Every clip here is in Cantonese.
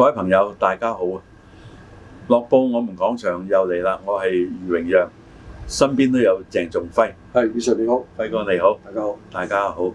各位朋友，大家好啊！樂報我們講場又嚟啦，我係余榮陽，身邊都有鄭仲輝。係，余叔，你好，輝哥你好，大家好，大家好。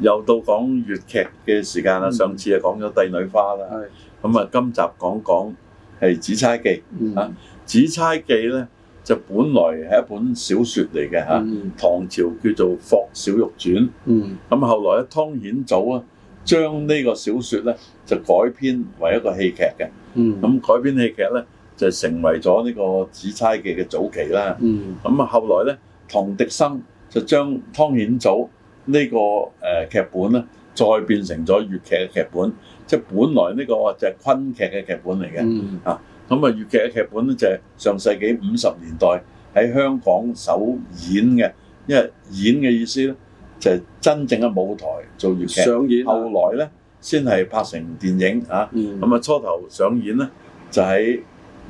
又到講粵劇嘅時間啦，上次啊講咗《帝女花》啦，咁啊今集講講係《紫釵記》啊，《紫釵記》咧就本來係一本小說嚟嘅吓，唐朝叫做《霍小玉傳》，嗯，咁後來咧湯顯祖啊。將呢個小説呢，就改編為一個戲劇嘅，咁、嗯、改編戲劇呢，就成為咗呢個《紫釵記》嘅早期啦。咁啊、嗯，後來呢，唐滌生就將湯顯祖呢、這個誒劇、呃、本呢，再變成咗粵劇嘅劇本，即係本來呢個就係昆劇嘅劇本嚟嘅。嗯、啊，咁啊，粵劇嘅劇本呢，就係、是、上世紀五十年代喺香港首演嘅，因為演嘅意思咧。就真正嘅舞台做粵劇上演、啊，後來咧先係拍成電影嚇。咁、嗯、啊初頭上演咧就喺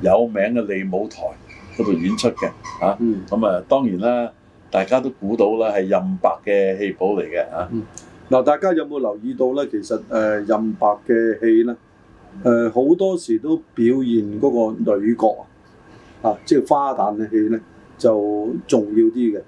有名嘅利舞台嗰度演出嘅嚇。咁啊、嗯、啊當然啦，大家都估到啦，係任白嘅戲寶嚟嘅嚇。嗱、啊嗯，大家有冇留意到咧？其實誒、呃、任白嘅戲咧，誒、呃、好多時都表現嗰個女角啊，即係花旦嘅戲咧就重要啲嘅，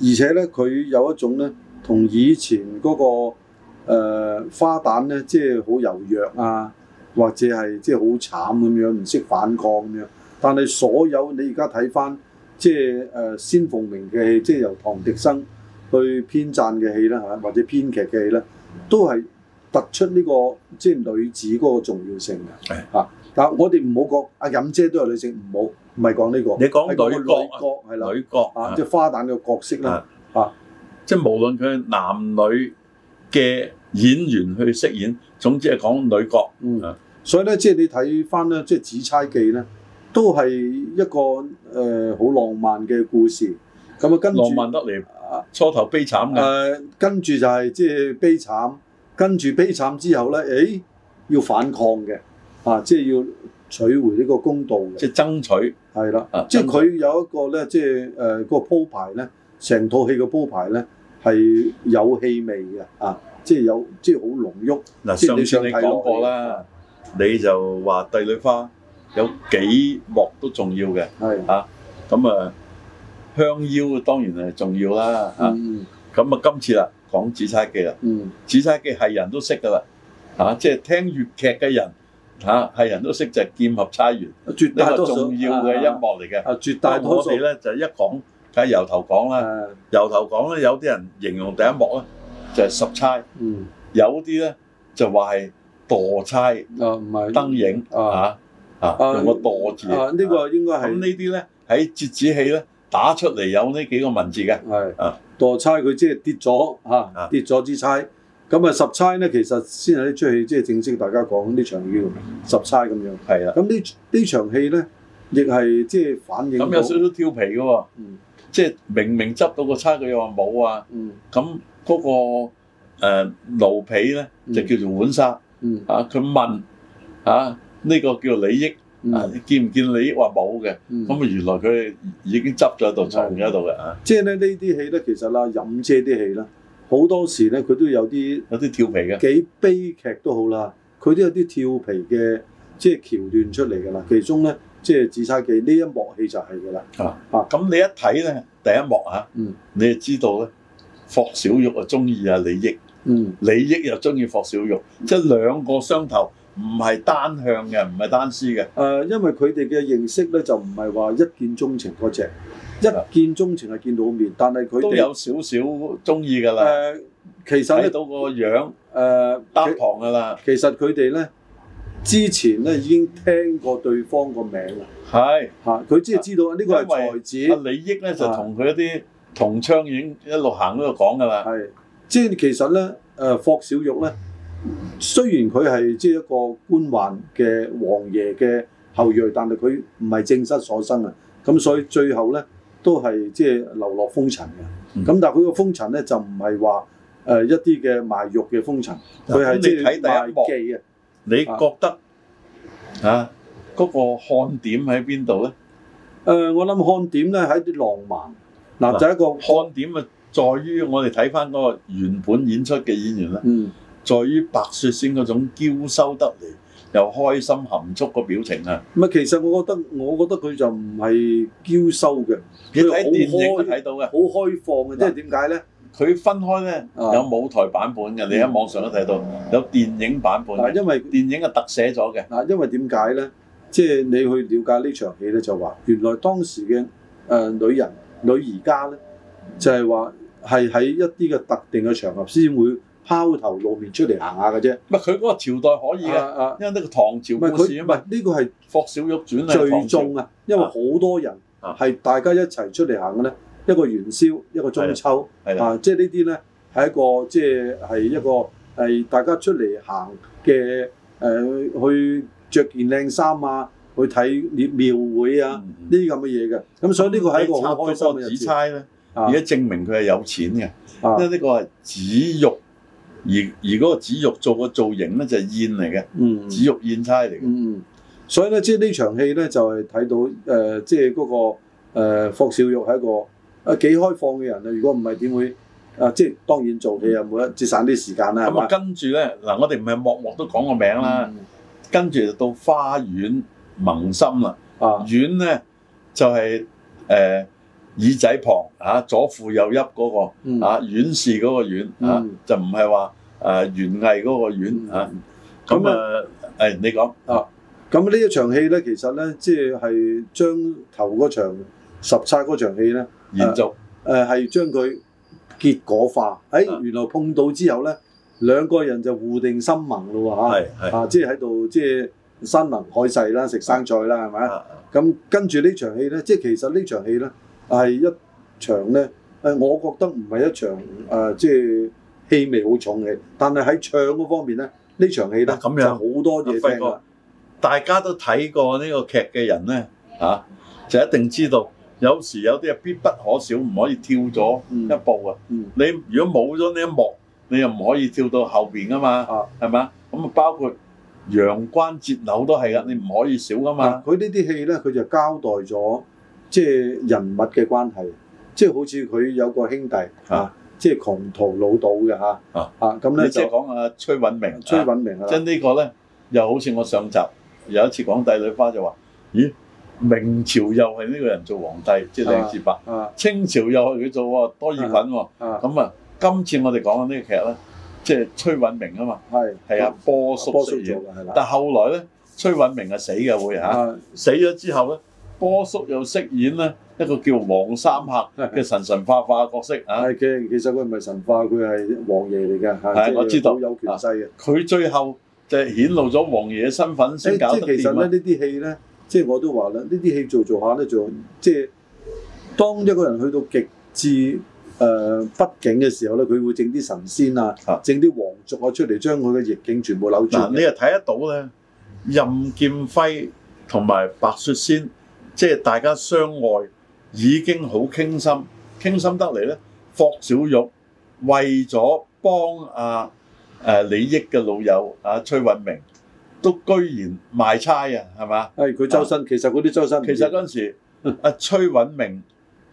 而且咧佢有一種咧。同以前嗰、那個、呃、花旦咧，即係好柔弱啊，或者係即係好慘咁樣，唔識反抗咁樣。但係所有你而家睇翻，即係、呃、仙鳳鳴嘅戲，即係由唐滌生去編撰嘅戲啦，或者編劇嘅戲咧，都係突出呢、這個即係女子嗰個重要性嘅的、啊。但我哋唔好講阿任姐都有女性，唔好唔係講呢個。你講女角個女角啊，即係花旦嘅角色啦，的即係無論佢係男女嘅演員去飾演，總之係講女角。嗯，所以咧，即係你睇翻咧，即係《紫釵記》咧，都係一個誒好、呃、浪漫嘅故事。咁啊，跟住，浪漫得嚟初頭悲慘嘅。誒、呃，跟住就係即係悲慘，跟住悲慘之後咧，誒要反抗嘅，啊，即係要取回一個公道嘅，即係爭取，係啦的。啊、即係佢有一個咧，即係誒、呃嗰個鋪排咧。成套戲嘅煲牌咧係有氣味嘅，啊，即係有即係好濃郁。嗱、啊，上，上次你講過啦，你就話帝女花有幾幕都重要嘅，係的啊，咁啊香夭當然係重要啦，啊，咁、嗯、啊今次啦講紫釵記啦，嗯，紫釵記係人都識噶啦，嚇、啊，即、就、係、是、聽粵劇嘅人嚇係、啊、人都識就係、是、劍合釵圓，絕對係重要嘅音樂嚟嘅，啊，絕大多數咧就係一講。梗係由頭講啦，由頭講咧，有啲人形容第一幕咧就係十釵，嗯、有啲咧就話係墮釵，啊唔係燈影嚇嚇，用個墮字啊，呢、呢個應該係呢啲咧喺折子戲咧打出嚟有呢幾個文字嘅係啊墮釵，佢即係跌咗嚇，跌咗支釵。咁啊十釵咧其實先係呢出戲即係、就是、正式大家講呢場叫十釵咁樣係啦，咁呢呢場戲咧亦係即係反映咁有少少調皮嘅喎、啊。嗯即係明明執到差距、嗯嗰嗰個差，佢又話冇啊！咁嗰個誒奴婢咧就叫做浣紗、嗯、啊！佢問啊，呢、呢個叫李益、嗯、啊，見唔見李益是？話冇嘅，咁啊原來佢已經執咗喺度藏喺度嘅啊！即係咧呢啲戲咧，其實啦，任姐啲戲啦，好多時咧佢都有啲有啲調皮嘅，幾悲劇都好啦，佢都有啲調皮嘅即係橋段出嚟㗎啦，其中咧。即係《紫釵記》呢一幕戲就係㗎啦。啊啊，咁你一睇咧，第一幕嚇、啊，嗯，你就知道咧，霍小玉啊中意阿李益，嗯，李益又中意霍小玉，嗯、即係兩個相投，唔係單向嘅，唔係單思嘅。誒、呃，因為佢哋嘅認識咧就唔係話一見鍾情嗰隻，一見鍾情係見到面，但係佢都有少少中意㗎啦。誒、呃，其實咧到個樣誒搭旁㗎啦。其，其實佢哋咧。之前咧已經聽過對方個名啦，係嚇佢知知道呢個係才子李益咧是就同佢一啲同窗友一路行一度講噶啦，係即係其實咧誒霍小玉咧雖然佢係即係一個官宦嘅王爺嘅後裔，但係佢唔係正室所生啊，咁所以最後咧都係即係流落風塵嘅，咁、嗯、但係佢個風塵咧就唔係話誒一啲嘅賣肉嘅風塵，佢係即係賣藝啊。你覺得嚇嗰、啊啊嗰個看點喺邊度咧？誒、呃，我諗看點咧係啲浪漫嗱，啊啊、就一個看點。啊，在於我哋睇翻嗰個原本演出嘅演員啦，嗯、在於白雪仙嗰種嬌羞得嚟又開心含蓄個表情啊！唔係、嗯，其實我覺得，我覺得佢就唔係嬌羞嘅，你睇電影都睇到嘅，好開放嘅，即係點解咧？佢分開咧，有舞台版本嘅，你喺網上都睇到，有電影版本。嗱，因為電影係特寫咗嘅。嗱，因為點解咧？即係你去了解呢場戲咧，就話原來當時嘅誒女人、女兒家咧，就係話係喺一啲嘅特定嘅場合先會拋頭露面出嚟行下嘅啫。唔係佢嗰個朝代可以㗎，因為呢個唐朝故事啊。唔係呢個係《霍小玉傳》最重啊，因為好多人係大家一齊出嚟行嘅咧。一個元宵，一個中秋，是是啊，即、就、係、是、呢啲咧係一個，即係係一個係大家出嚟行嘅誒、呃，去着件靚衫啊，去睇廟廟會啊，呢啲咁嘅嘢嘅。咁所以呢個係一個好開心嘅日子。而家證明佢係有錢嘅，因為呢個係紫玉，而而嗰個紫玉做個造型咧就係燕嚟嘅，紫玉燕釵嚟嘅。所以咧，即係呢場戲咧就係、是、睇到誒，即係嗰個、呃、霍小玉係一個。啊幾開放嘅人啊！如果唔係點會啊？即當然做戲又冇得節省啲時間啦。咁、嗯、吧啊，跟住咧嗱，我哋唔係默默都講個名啦。嗯、跟住就到花園盟心啦。啊，院咧就係誒耳仔旁左附右翕嗰、那個、嗯、啊，院士嗰個院、嗯、啊，就唔係話誒園藝嗰個院。咁你講啊。咁呢麼、啊哎啊、一場戲咧，其實咧，即係將頭嗰場十剎嗰場戲咧。延續誒係將佢結果化，誒、啊、原來碰到之後咧，兩個人就互定心盟咯喎嚇，啊，啊即係喺度即係山盟海誓啦，食生菜啦係咪？咁跟住呢場戲咧，即係其實呢場戲咧係一場咧誒，我覺得唔係一場誒、啊、即係戲味好重嘅，但係喺唱嗰方面咧，呢場戲咧就好多嘢聽、啊、了大家都睇過呢個劇嘅人咧嚇就一定知道，有時有啲係必不可少，唔可以跳咗一步啊！嗯嗯、你如果冇咗呢一幕，你又唔可以跳到後邊噶嘛？係嘛？咁啊，包括陽關折柳都係噶，你唔可以少噶嘛。佢、嗯、呢啲戲咧，佢就交代咗即係人物嘅關係，即、就、係、是、好似佢有個兄弟嚇，即係、啊啊就是、窮途潦倒嘅嚇嚇咁咧即係講阿崔允明，啊、崔允明即係呢個咧，又好似我上集有一次講帝女花就話，咦？明朝又係呢個人做皇帝，即係靚次伯。啊啊、清朝又係佢做多爾衮喎。咁啊，啊，啊，今次我哋講緊呢個劇咧，即、就、係、是、崔允明啊嘛。係係是啊，波叔，波叔做嘅啦。但係後來咧，崔允明係死嘅啊，啊死嘅會吓，死咗之後咧，波叔又飾演咧一個叫黃衫客嘅神神化化角色啊。係嘅，其實佢唔係神化，佢係王爺嚟嘅。係的，我知道。有權勢嘅。佢、啊、最後就顯露咗王爺嘅身份、啊，先搞到掂，其實咧，這些呢啲戲咧。即係我都話啦，呢啲戲做做下咧，就即係當一個人去到極致誒不景嘅時候咧，佢會整啲神仙啊、整啲皇族啊出嚟，將佢嘅逆境全部扭轉、啊、你又睇得到咧，任劍輝同埋白雪仙即係大家相愛已經好傾心，傾心得嚟咧，霍小玉為咗幫阿誒李益嘅老友阿、啊、崔允明。都居然賣差啊，係嘛？係佢周身，其實嗰啲周身，其實嗰陣時阿崔允明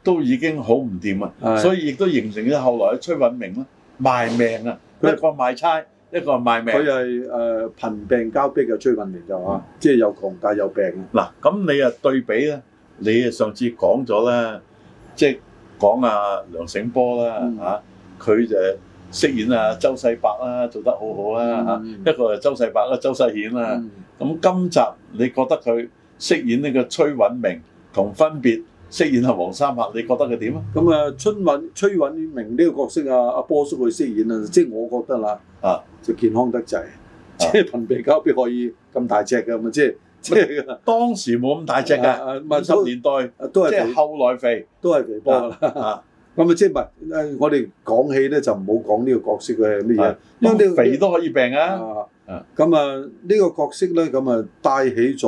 都已經好唔掂啊，所以亦都形成咗後來阿崔允明啦賣命啊，一個賣差，一個賣命。佢係誒貧病交迫嘅崔允明就話，即係又窮但係又病。嗱，咁你啊對比咧，你啊上次講咗咧，即係講阿梁醒波啦嚇，佢就。飾演啊周世伯啦，做得好好啦嚇，一個係周世伯啦，周世顯啦。咁今集你覺得佢飾演呢個崔允明同分別飾演阿黃衫客，你覺得佢點啊？咁啊，春允崔允明呢個角色啊，阿波叔去飾演啊，即係我覺得啦，啊就健康得滯，即係臀比膠必可以咁大隻㗎嘛。即係即係當時冇咁大隻啊，咪十年代，都係後來肥都係肥波啦。咁啊，即係唔，誒，我哋講戲咧就唔好講呢個角色嘅乜嘢，因為你肥都可以病啊。咁啊，呢個角色咧，咁啊，帶起咗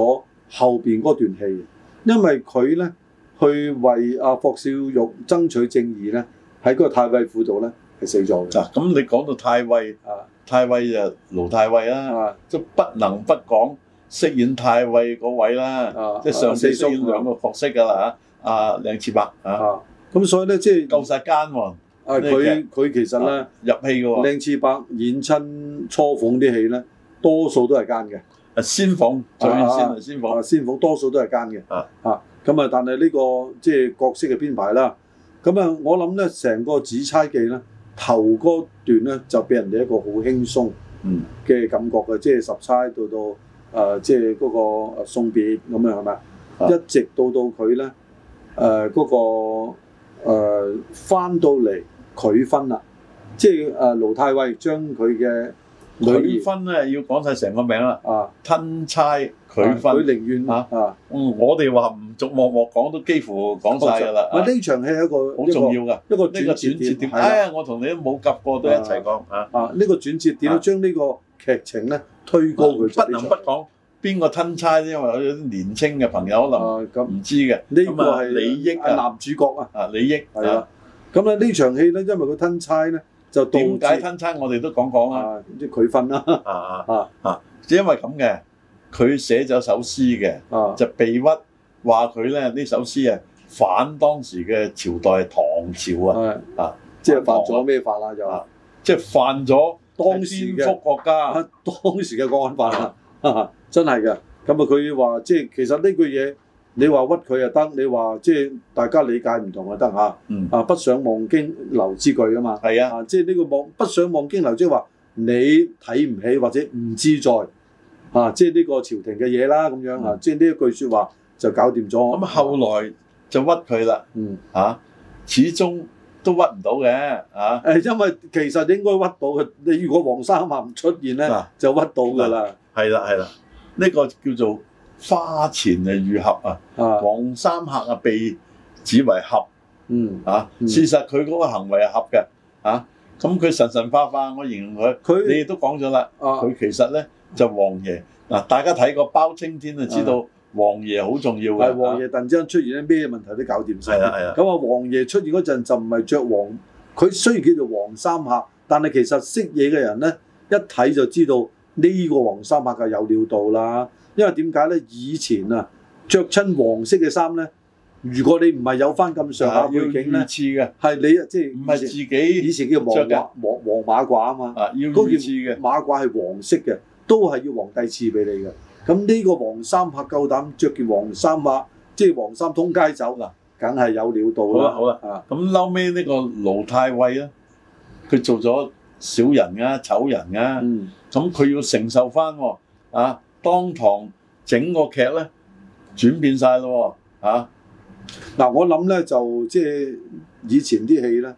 後邊嗰段戲，因為佢咧去為阿霍小玉爭取正義咧，喺嗰個太尉府度咧係死咗嘅。嗱，咁你講到太尉啊，太尉就盧太尉啦，啊，即係不能不講飾演太尉嗰位啦，即係上次演兩個角色噶啦，阿梁朝偉啊。咁所以咧，即係夠晒奸喎！佢佢、啊、其實咧、啊、入戲嘅喎，靚次伯演親初逢啲戲咧，多數都係奸嘅。啊，先逢就先係先逢，先逢多數都係奸嘅。啊，咁啊，但係呢個即係角色嘅編排啦。咁啊，我諗咧，成個《紫釵記》咧頭嗰段咧就俾人哋一個好輕鬆嘅感覺嘅、嗯呃，即係十釵到到啊，即係嗰個送別咁樣係咪？一直到到佢咧，誒、呃、嗰、嗰個。誒翻到嚟佢分啦，即係誒盧太尉將佢嘅女分咧，要講晒成個名啦，啊，吞差佢分佢寧願啊，嗯，我哋話唔逐幕幕講都幾乎講晒㗎啦。呢場戲係一個好重要㗎，一個轉折點。係呀，我同你都冇夾過都一齊講啊！啊，呢個轉折點將呢個劇情咧推高佢，不能不講。邊個吞釵？因為有啲年青嘅朋友可能咁唔知嘅。呢個係李益，啊，男主角啊。啊，李益，係啦。咁咧呢場戲咧，因為佢吞釵咧就點解吞釵？我哋都講講啦，即係佢分啦。啊啊即係因為咁嘅，佢寫咗首詩嘅，就被屈話佢咧呢首詩啊反當時嘅朝代唐朝啊。啊，即係犯咗咩法啦？就即係犯咗當時嘅國家、當時嘅個案法啊。真係嘅，咁啊佢話即係其實呢句嘢，你話屈佢就得，你話即係大家理解唔同就得吓，啊、嗯、不想望京流之句啊嘛，係啊，即係呢個望不，不想望京流，即係話你睇唔起或者唔自在啊，即係呢個朝廷嘅嘢啦咁樣、嗯、啊，即係呢一句説話就搞掂咗。咁、嗯啊、後來就屈佢啦，嚇、嗯啊，始終都屈唔到嘅，啊，誒，因為其實你應該屈到嘅，你如果黃衫客唔出現咧，啊、就屈到㗎啦，係啦係啦。呢個叫做花前嘅遇合啊，黃衫客啊被指為俠，嗯啊，嗯事實佢嗰個行為係俠嘅，啊咁佢神神化化，我形容佢，佢他你亦都講咗啦，佢、啊、其實咧就王爺嗱，大家睇過包青天就知道王爺好重要嘅，王爺突然之間出現咧，咩問題都搞掂晒。係啊係啊，咁啊王爺出現嗰陣就唔係着黃，佢雖然叫做黃衫客，但係其實識嘢嘅人咧一睇就知道。呢個黃衫客就有料到啦，因為點解咧？以前啊，着親黃色嘅衫咧，如果你唔係有翻咁上下呢次嘅。係你即係唔係自己？以前叫黃褂、黃黃的馬褂啊嘛，要御賜嘅馬褂係黃色嘅，都係要皇帝賜俾你嘅。咁呢個夠膽黃衫客夠膽着件黃衫褂，即係黃衫通街走嗱，梗係、啊、有料到啦。好啦，好咁後屘呢個盧太尉啊，佢、啊、做咗。小人啊，醜人啊，咁佢、嗯、要承受翻喎、啊。啊，當堂整個劇咧，轉變晒咯、啊。啊，嗱、啊，我諗咧就即以前啲戲咧，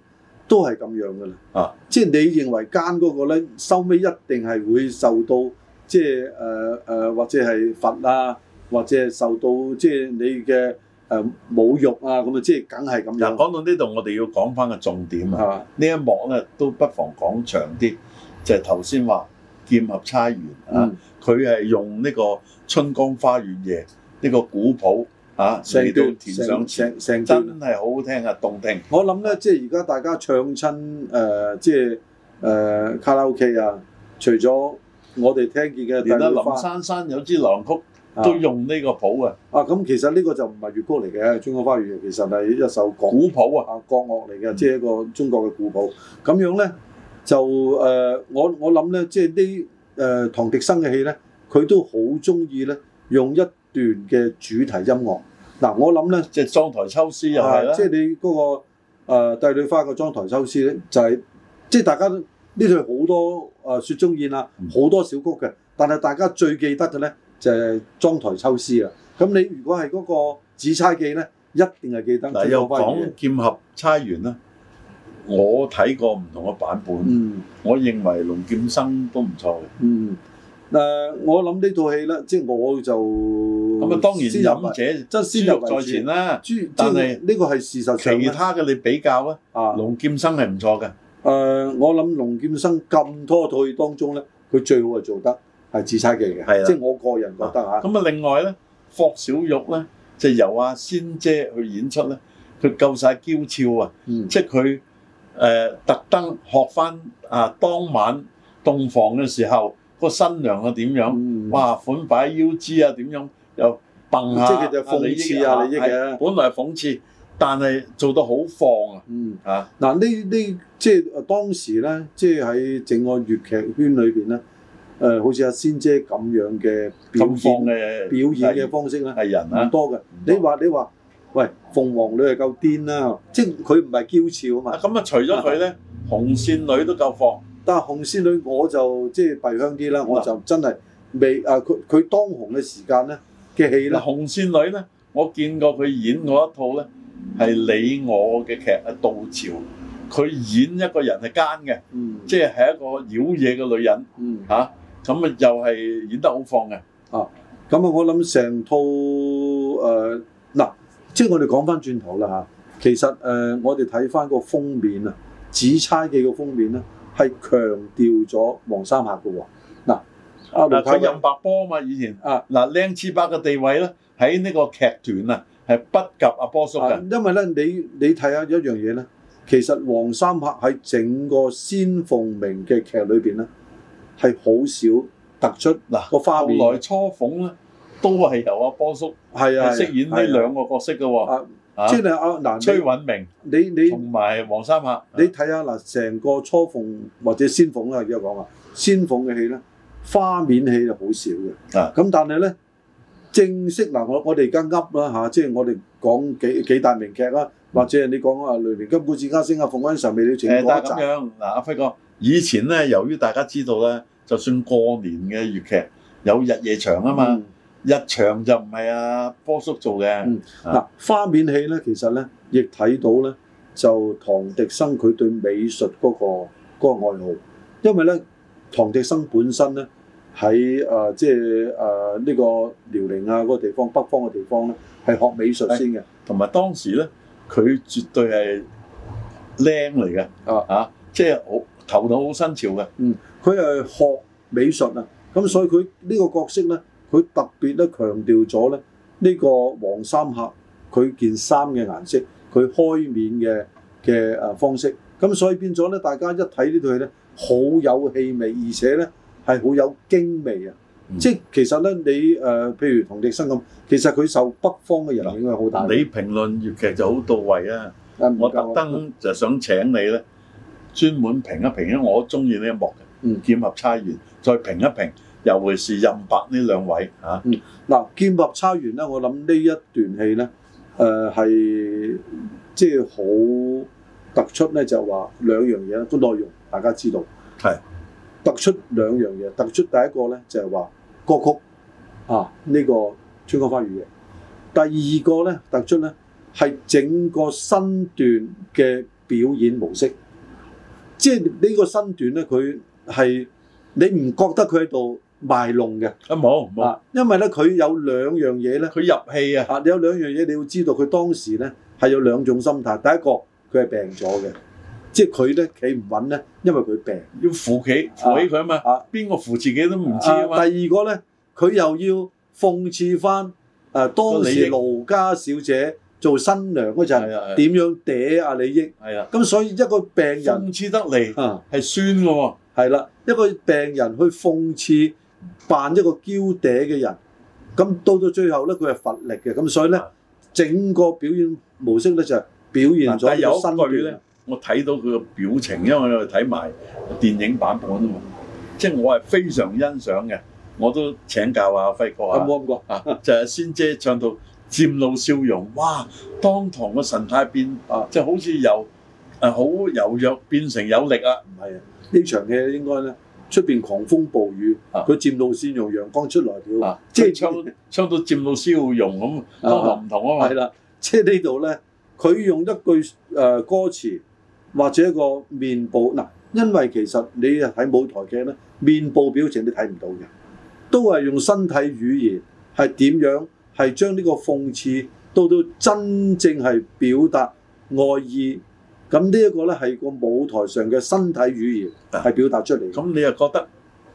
都係咁樣噶啦。啊，即你認為奸嗰個咧，收尾一定係會受到即係、呃呃、或者係罰啊，或者受到即係你嘅。誒、呃、侮辱啊！咁啊，即係梗係咁。嗱，講到呢度，我哋要講翻個重點啊。呢吧一幕咧，都不妨講長啲。就係頭先話劍合釵圓、嗯、啊，佢係用呢個春江花月夜呢、這個古譜啊所以段都填上成真係好好聽啊，動聽。我諗咧，即係而家大家唱親誒、呃，即係誒、呃、卡拉 OK 啊，除咗我哋聽見嘅，連阿林珊珊有支《狼曲》。都用呢個譜嘅、啊，啊咁、啊、其實呢個就唔係粵曲嚟嘅，嗯，《春江花月》其實係一首古古譜啊，啊國樂嚟嘅，即係、嗯、一個中國嘅古譜。咁樣咧就誒、呃，我我諗咧，即係呢誒唐滌生嘅戲咧，佢都好中意咧用一段嘅主題音樂。嗱、啊，我諗咧，即係《妝台秋思、啊》又係啦，即、就、係、是、你嗰、那個、呃、帝女花》嘅《妝台秋思》咧，就係即係大家呢套好多誒、呃《雪中燕》啊，好多小曲嘅，但係大家最記得嘅咧。就係妝台秋思啦。咁你如果係嗰個紫釵記咧，一定係記得。但又講劍合釵圓啦。我睇過唔同嘅版本，嗯、我認為龍劍笙都唔錯嘅。嗯。呃、我諗呢套戲咧，即係我就咁啊、嗯。當然飲者即先入為主啦。前主但係是呢個係事實上。其他嘅你比較啊。啊。龍劍笙係唔錯嘅、啊呃。我諗龍劍笙咁多套戲當中咧，佢最好係做得。係自殺劇嚟嘅，係嘅、即係我個人覺得嚇。咁啊，另外咧，霍小玉咧，就由阿、啊、仙姐去演出咧，佢夠晒嬌俏啊！嗯、即係佢誒特登學翻啊，當晚洞房嘅時候，個新娘啊點樣？嗯、哇，款擺腰肢啊點樣又蹦、啊、即係佢就是諷刺啊！你嘅、啊啊，本來係諷刺，啊、但係做到好放啊！嗱、嗯，呢呢即係當時咧，即係喺整個粵劇圈裏邊咧。誒、呃，好似阿、啊、仙姐咁樣嘅表演嘅表演嘅方式咧，係人好、啊、多嘅。你話你話，喂，鳳凰女係夠癲啦、啊，即係佢唔係嬌俏啊嘛。咁啊，啊除咗佢咧，啊、紅線女都夠放。嗯嗯、但係紅線女我就即係閉香啲啦，啊、我就真係未誒。佢、啊、佢當紅嘅時間咧嘅戲咧，紅線女咧，我見過佢演嗰一套咧，係你我嘅劇啊，杜潮。佢演一個人係奸嘅，即係係一個妖嘢嘅女人嚇。咁啊，又係演得好放嘅，啊！咁啊、呃，我諗成套誒嗱，即係我哋講翻轉頭啦嚇。其實誒，我哋睇翻個封面啊，《紫釵記》個封面咧，係強調咗黃三鶴嘅喎。嗱、啊，阿盧任白波啊嘛，以前啊，嗱、啊，啊、靚次伯嘅地位咧，喺呢個劇團啊，係不及阿波叔嘅、啊。因為咧，你你睇下一樣嘢咧，其實黃三鶴喺整個《仙鳳鳴》嘅劇裏邊咧。係好少突出嗱個花面，來雛鳳咧都係由阿波叔係啊飾演呢兩個角色嘅喎。啊，即係阿阿嗱，崔允明，你你同埋黃衫客，你睇下嗱，成個雛鳳或者仙鳳啦，點樣講啊？仙鳳嘅戲咧，花面戲就好少嘅。啊，咁但係咧正式嗱，我我哋而家噏啦吓，即係我哋講幾幾大名劇啦，或者你講啊雷鳴金，根本至家升阿鳳嗰陣時未了，前嗰一集。誒，但係咁樣嗱，阿輝哥。以前咧，由於大家知道咧，就算過年嘅粵劇有日夜場啊嘛，嗯、日場就唔係阿波叔做嘅。嗱、嗯，啊、花面戲咧，其實咧亦睇到咧，就唐滌生佢對美術嗰、那個嗰、那個、愛好，因為咧唐滌生本身咧喺誒即係誒呢、呃呃這個遼寧啊嗰、那個地方，北方嘅地方咧係學美術先嘅，同埋、哎、當時咧佢絕對係靚嚟嘅啊，啊即係我。頭腦好新潮嘅，嗯，佢係學美術啊，咁所以佢呢個角色咧，佢特別咧強調咗咧呢個黃衫客佢件衫嘅顏色，佢開面嘅嘅誒方式，咁所以變咗咧，大家一睇呢套戲咧，好有氣味，而且咧係好有京味啊！嗯、即係其實咧，你誒、呃、譬如唐滌生咁，其實佢受北方嘅人影響好大。你評論粵劇就好到位啊！啊我特登就想請你咧。專門評一評啊！因為我中意呢一幕嘅劍合釵圓，再評一評，尤其是任白呢兩位嚇。嗱、啊，劍合釵圓咧，我諗呢一段戲咧，誒係即係好突出咧，就話、是、兩樣嘢都個內容大家知道係是突出兩樣嘢，突出第一個咧就係、是、話歌曲啊呢、這個《春江花月夜》，第二個咧突出咧係整個身段嘅表演模式。即係呢個身段咧，佢係你唔覺得佢喺度賣弄嘅？啊冇冇、啊，因為咧佢有兩樣嘢咧，佢入戲啊！你有兩樣嘢，你要知道佢當時咧係有兩種心態。第一個佢係病咗嘅，即係佢咧企唔穩咧，因為佢病。要扶起、啊、扶起佢啊嘛！邊個、啊、扶自己都唔知嘛啊嘛、啊。第二個咧，佢又要諷刺翻誒、啊、當時盧家小姐。做新娘嗰陣點樣嗲啊李益？咁、啊啊、所以一個病人諷刺得嚟，係、啊、酸嘅喎。係啦、啊啊，一個病人去諷刺扮一個嬌嗲嘅人，咁到到最後咧，佢係乏力嘅。咁所以咧，係啊、整個表演模式咧就係、表現咗。但係有一句咧，我睇到佢嘅表情，因為我睇埋電影版本啊嘛，即係我係非常欣賞嘅，我都請教阿輝哥啊。冇哥、啊，該，就係仙姐唱到。 佔露笑容，哇！當堂個神態變啊，即係好似由誒好柔弱變成有力，唔係啊，唔係啊呢場戲應該咧，出邊狂風暴雨，佢、啊、佔露先用陽光出來了，啊、即係是唱唱到佔露笑容咁，當堂唔同啊嘛，係啦、啊，即係、啊就是、呢度咧，佢用一句誒、呃、歌詞或者一個面部嗱、啊，因為其實你喺舞台劇咧，面部表情你睇唔到嘅，都係用身體語言係點樣？係將呢個諷刺到到真正係表達愛意，咁呢一個咧係個舞台上嘅身體語言係表達出嚟。咁、啊、你又覺得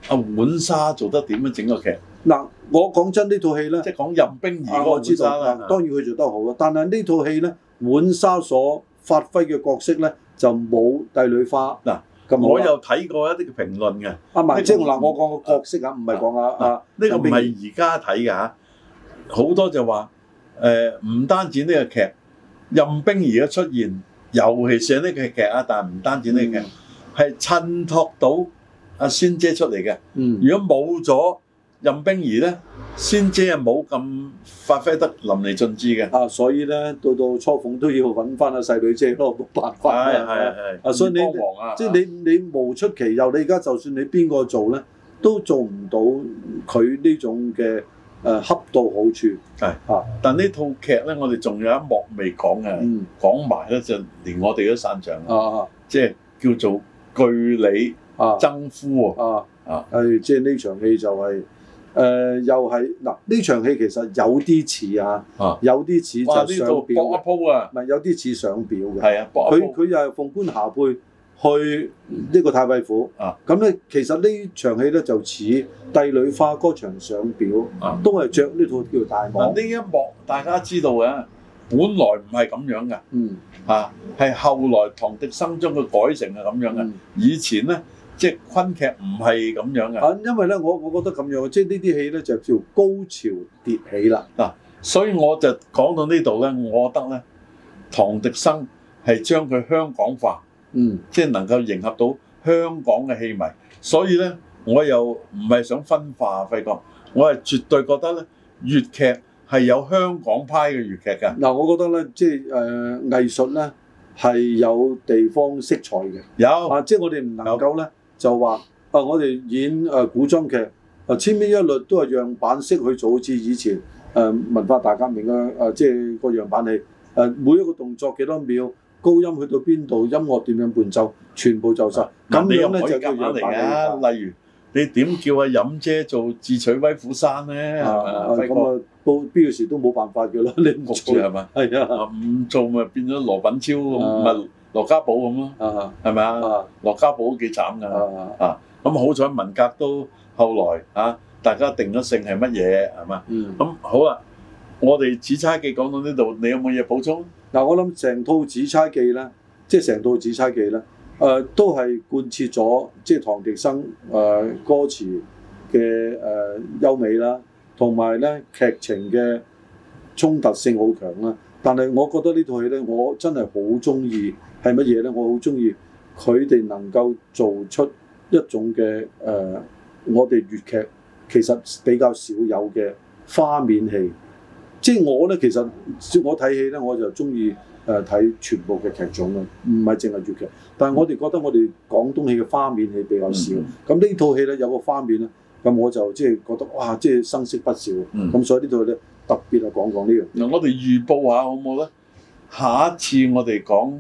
阿碗、啊、沙做得點樣？整個劇嗱、啊，我講真這呢套戲咧，即係講任冰兒、啊、嗰個，我知道，啊、當然佢做得好啦。但係呢套戲咧，碗沙所發揮嘅角色咧就冇帝女花嗱。咁、啊、我又睇過一啲評論嘅。阿，即係，嗱我講個角色啊，唔係講阿阿呢個唔係而家睇嘅嚇。好多就話誒，唔、呃、單止呢個劇任冰兒嘅出現，尤其是呢個劇啊，但係唔單止呢個劇係、嗯、襯托到阿、啊、仙姐出嚟嘅。嗯，如果冇咗任冰兒咧，仙姐係冇咁發揮得淋漓盡致嘅。啊，所以咧到到初逢都要揾翻阿細女姐咯，冇辦法係係係啊，所以你王、啊、即係你你無出其右。你而家就算你邊個做咧，都做唔到佢呢種嘅。誒，恰到好處係啊！但呢套劇咧，我哋仲有一幕未講嘅，講埋咧就連我哋都散場啊！即係叫做據理爭夫喎啊，啊！即係呢場戲就係又係嗱，呢場戲其實有啲似啊，有啲似就上表搏一鋪啊！唔係有啲似上表嘅係啊，佢佢又係鳳冠霞帔。去呢個太尉府，咁咧、啊、其實呢場戲咧就似帝女花嗰場上表，啊、都係着呢套叫大蟒。呢一幕大家知道嘅，本來唔係咁樣嘅，嚇係、嗯啊、後來唐滌生將佢改成係咁樣嘅。嗯、以前咧即係昆劇唔係咁樣嘅、啊。因為咧我我覺得咁樣嘅，即係呢啲戲咧就叫高潮迭起啦。嗱、啊，所以我就講到呢度咧，我覺得咧唐滌生係將佢香港化。嗯，即係能夠迎合到香港嘅戲迷，所以咧，我又唔係想分化，費確，我係絕對覺得咧，粵劇係有香港派嘅粵劇㗎。嗱、嗯，我覺得咧，即係誒、呃、藝術咧係有地方色彩嘅，有啊，即係我哋唔能夠咧有就話，啊、呃，我哋演誒古裝劇，誒、啊、千篇一律都係樣板式去做，好似以前誒、呃、文化大革命嘅誒、啊，即係個樣板戲，誒、啊、每一個動作幾多秒。高音去到邊度，音樂點樣伴奏，全部就晒。咁樣咧就夾埋嚟啊！例如你點叫阿飲姐做智取威虎山咧，係嘛？咁啊，到邊個時都冇辦法㗎啦，你唔做係嘛？係啊，唔做咪變咗羅品超咁，唔係羅家寶咁咯，係咪啊？羅家寶都幾慘㗎。啊，咁好彩文革都後來嚇大家定咗性係乜嘢，係嘛？咁好啊！我哋紫釵記講到呢度，你有冇嘢補充？嗱、啊，我諗成套《紫釵記》咧、呃，即係成套《紫釵記》咧，誒都係貫徹咗即係唐滌生誒歌詞嘅誒、呃、優美啦，同埋咧劇情嘅衝突性好強啦。但係我覺得這呢套戲咧，我真係好中意係乜嘢咧？我好中意佢哋能夠做出一種嘅誒、呃，我哋粵劇其實比較少有嘅花面戲。即係我咧，其實我睇戲咧，我就中意誒睇全部嘅劇種咯，唔係淨係粵劇。但係我哋覺得我哋廣東戲嘅花面係比較少。咁呢套戲咧有個花面咧，咁我就即係覺得哇，即係生色不少。咁所以呢套咧特別係，講講呢樣。嗱，我哋預報下好唔好咧？下一次我哋講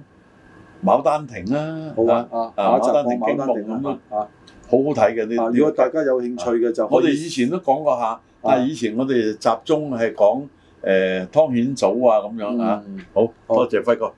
《牡丹亭》啦，好啊啊，《牡丹亭》牡丹亭咁啊，好好睇嘅呢。你如果大家有興趣嘅就我哋以前都講過下，但係以前我哋集中係講。誒湯顯祖啊，咁樣啊，嗯嗯、好，好多謝輝哥。